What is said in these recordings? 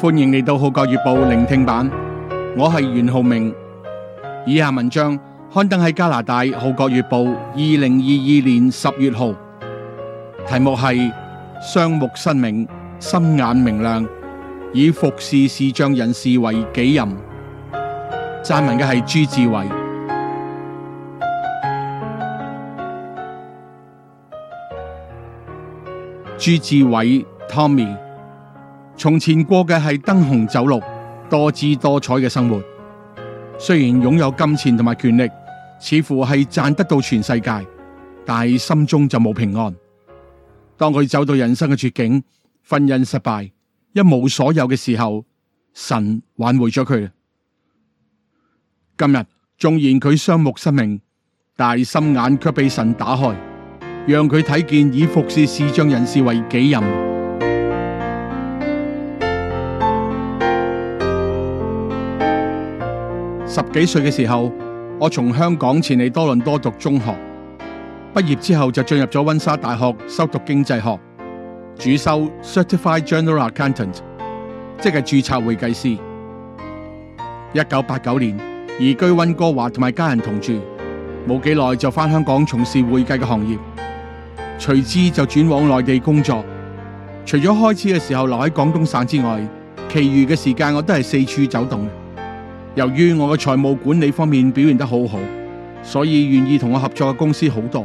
歡迎嚟到《號角月報》聆聽版，我係袁浩明。以下文章刊登喺加拿大《號角月報》二零二二年十月號，題目係《雙目失明，心眼明亮》，以服侍視障人士為己任。撰文嘅係朱志煒，朱志煒 Tommy。從前過嘅係燈紅酒綠、多姿多彩嘅生活，雖然擁有金錢同埋權力，似乎係賺得到全世界，但係心中就冇平安。當佢走到人生嘅絕境，婚姻失敗，一無所有嘅時候，神挽回咗佢。今日縱然佢雙目失明，但係心眼卻被神打開，讓佢睇見以服侍視障人士為己任。十幾歲嘅時候，我從香港前嚟多倫多讀中學，畢業之後就進入咗温莎大學修讀經濟學，主修 Certified General Accountant，即係注冊會計師。一九八九年移居温哥華同埋家人同住，冇幾耐就返香港從事會計嘅行業，隨之就轉往內地工作。除咗開始嘅時候留喺廣東省之外，其餘嘅時間我都係四處走動。由於我嘅財務管理方面表現得好好，所以願意同我合作嘅公司好多。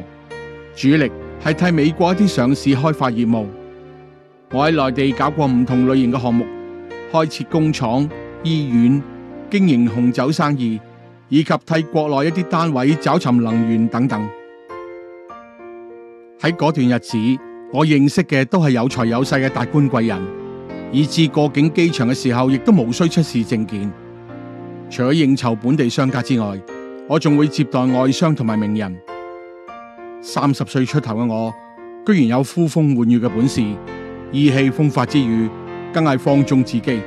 主力係替美國一啲上市開發業務。我喺內地搞過唔同類型嘅項目，開設工廠、醫院、經營紅酒生意，以及替國內一啲單位找尋能源等等。喺嗰段日子，我認識嘅都係有財有勢嘅達官貴人，以至過境機場嘅時候亦都無需出示證件。除咗應酬本地商家之外，我仲會接待外商同埋名人。三十歲出頭嘅我，居然有呼風喚雨嘅本事，意氣風發之餘，更係放縱自己，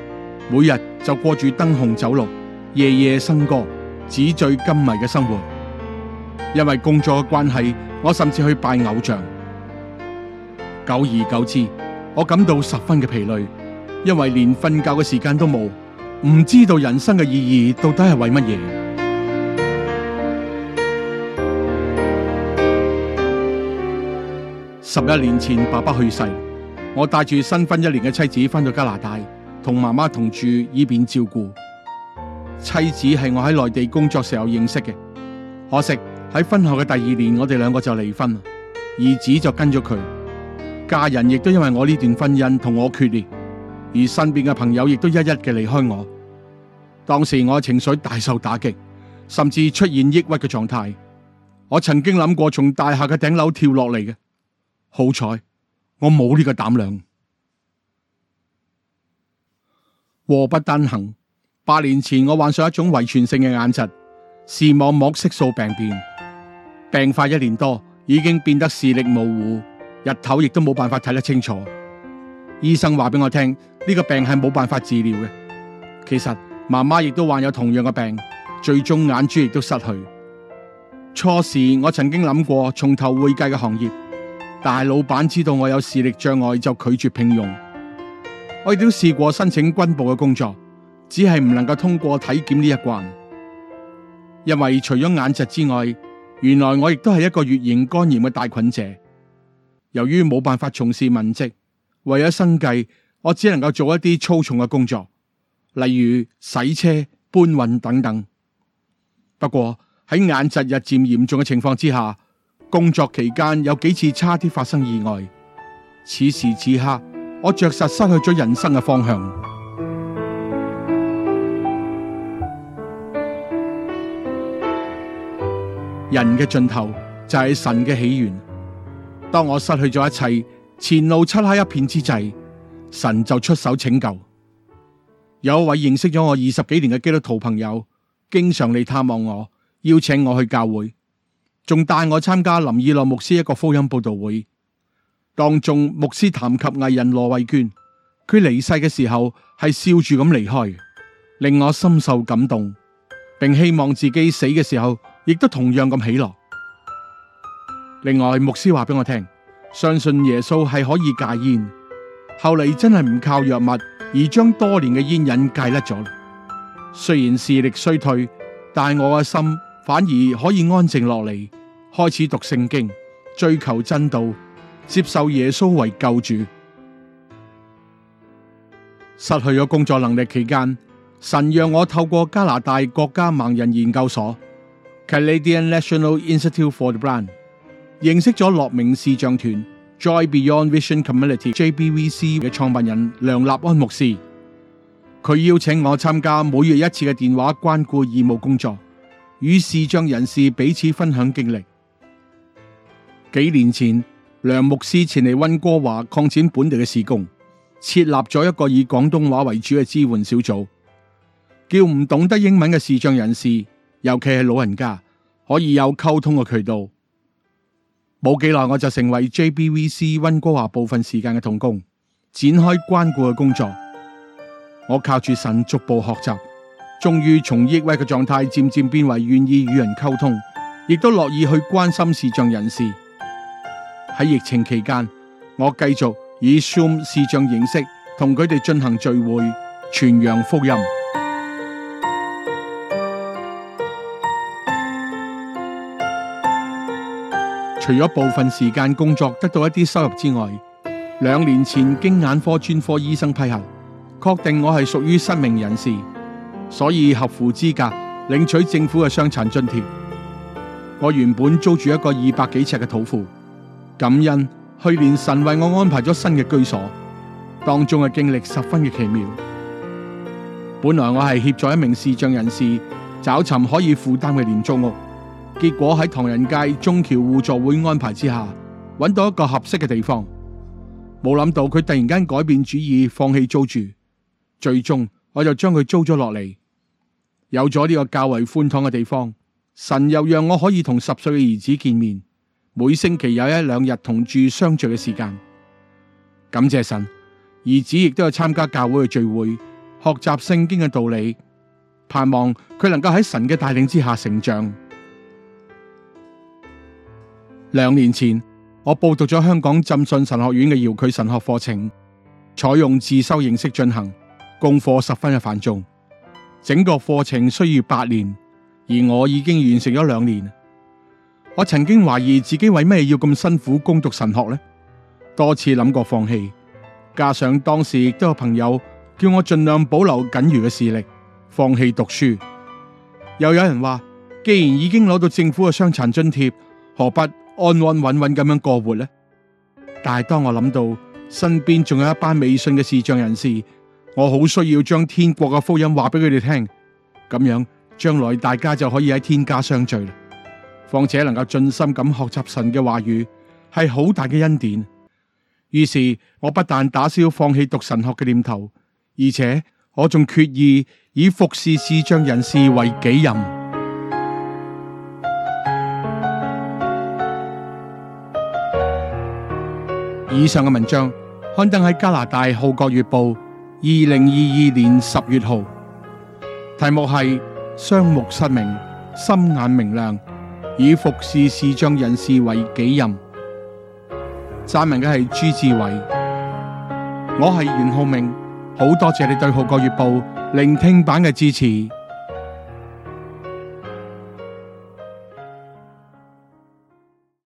每日就過住燈紅酒綠、夜夜笙歌、紙醉金迷嘅生活。因為工作嘅關係，我甚至去拜偶像。久而久之，我感到十分嘅疲累，因為連瞓覺嘅時間都冇。唔知道人生嘅意義到底係為乜嘢？十一年前，爸爸去世，我帶住新婚一年嘅妻子翻到加拿大，同媽媽同住，以便照顧。妻子係我喺內地工作時候認識嘅，可惜喺婚後嘅第二年，我哋兩個就離婚，兒子就跟咗佢，家人亦都因為我呢段婚姻同我決裂。而身邊嘅朋友亦都一一嘅離開我，當時我嘅情緒大受打擊，甚至出現抑鬱嘅狀態。我曾經諗過從大廈嘅頂樓跳落嚟嘅，好彩我冇呢個膽量。禍不單行，八年前我患上一種遺傳性嘅眼疾，視網膜色素病變，病發一年多，已經變得視力模糊，日頭亦都冇辦法睇得清楚。醫生話俾我聽。呢、這個病係冇辦法治療嘅。其實媽媽亦都患有同樣嘅病，最終眼珠亦都失去。初時我曾經諗過從頭會計嘅行業，但係老闆知道我有視力障礙就拒絕聘用。我亦都試過申請軍部嘅工作，只係唔能夠通過體檢呢一關。因為除咗眼疾之外，原來我亦都係一個乙型肝炎嘅帶菌者。由於冇辦法從事文職，為咗生計。我只能夠做一啲粗重嘅工作，例如洗車、搬運等等。不過喺眼疾日漸嚴重嘅情況之下，工作期間有幾次差啲發生意外。此時此刻，我着實失去咗人生嘅方向。人嘅盡頭就係神嘅起源。當我失去咗一切，前路漆黑一片之際，神就出手拯救。有一位認識咗我二十幾年嘅基督徒朋友，經常嚟探望我，邀請我去教會，仲帶我參加林以諾牧師一個福音佈道會。當中牧師談及藝人羅慧娟，佢離世嘅時候係笑住咁離開，令我深受感動，並希望自己死嘅時候亦都同樣咁喜樂。另外，牧師話俾我聽，相信耶穌係可以戒煙。後嚟真係唔靠藥物，而將多年嘅煙癮戒甩咗。雖然視力衰退，但我嘅心反而可以安靜落嚟，開始讀聖經，追求真道，接受耶穌為救主。失去咗工作能力期間，神讓我透過加拿大國家盲人研究所 （Canadian National Institute for the Blind） 認識咗樂明視障團。Joy Beyond Vision Community（JBVC） 嘅創辦人梁立安牧師，佢邀請我參加每月一次嘅電話關顧義務工作，與視障人士彼此分享經歷。幾年前，梁牧師前嚟溫哥華擴展本地嘅事工，設立咗一個以廣東話為主嘅支援小組，叫唔懂得英文嘅視障人士，尤其係老人家，可以有溝通嘅渠道。冇幾耐，我就成為 J B V C 溫哥華部分時間嘅同工，展開關顧嘅工作。我靠住神逐步學習，終於從抑鬱嘅狀態漸漸變為願意與人溝通，亦都樂意去關心視障人士。喺疫情期間，我繼續以 Zoom 視像形式同佢哋進行聚會、傳揚福音。除咗部分時間工作得到一啲收入之外，兩年前經眼科專科醫生批核，確定我係屬於失明人士，所以合乎資格領取政府嘅傷殘津貼。我原本租住一個二百幾尺嘅土庫，感恩去年神為我安排咗新嘅居所，當中嘅經歷十分嘅奇妙。本來我係協助一名視障人士找尋可以負擔嘅廉租屋。結果喺唐人街中僑互助會安排之下，揾到一個合適嘅地方。冇諗到佢突然間改變主意，放棄租住。最終我就將佢租咗落嚟，有咗呢個較為寬敞嘅地方。神又讓我可以同十歲嘅兒子見面，每星期有一兩日同住相聚嘅時間。感謝神，兒子亦都有參加教會嘅聚會，學習聖經嘅道理，盼望佢能夠喺神嘅帶領之下成長。兩年前，我報讀咗香港浸信神學院嘅遙距神學課程，採用自修形式進行，功課十分嘅繁重。整個課程需要八年，而我已經完成咗兩年。我曾經懷疑自己為咩要咁辛苦攻讀神學呢？多次諗過放棄。加上當時亦都有朋友叫我盡量保留僅餘嘅視力，放棄讀書。又有人話，既然已經攞到政府嘅傷殘津貼，何不安安穩穩咁樣過活呢？但係當我諗到身邊仲有一班未信嘅視障人士，我好需要將天國嘅福音話俾佢哋聽，咁樣將來大家就可以喺天家相聚啦。況且能夠盡心咁學習神嘅話語，係好大嘅恩典。於是我不但打消放棄讀神學嘅念頭，而且我仲決意以服侍視障人士為己任。以上嘅文章刊登喺加拿大《號角月報》二零二二年十月號，題目係《雙目失明，心眼明亮》，以服侍視障人士為己任。撰文嘅係朱志煒，我係袁浩明，好多謝你對《號角月報》聆聽版嘅支持。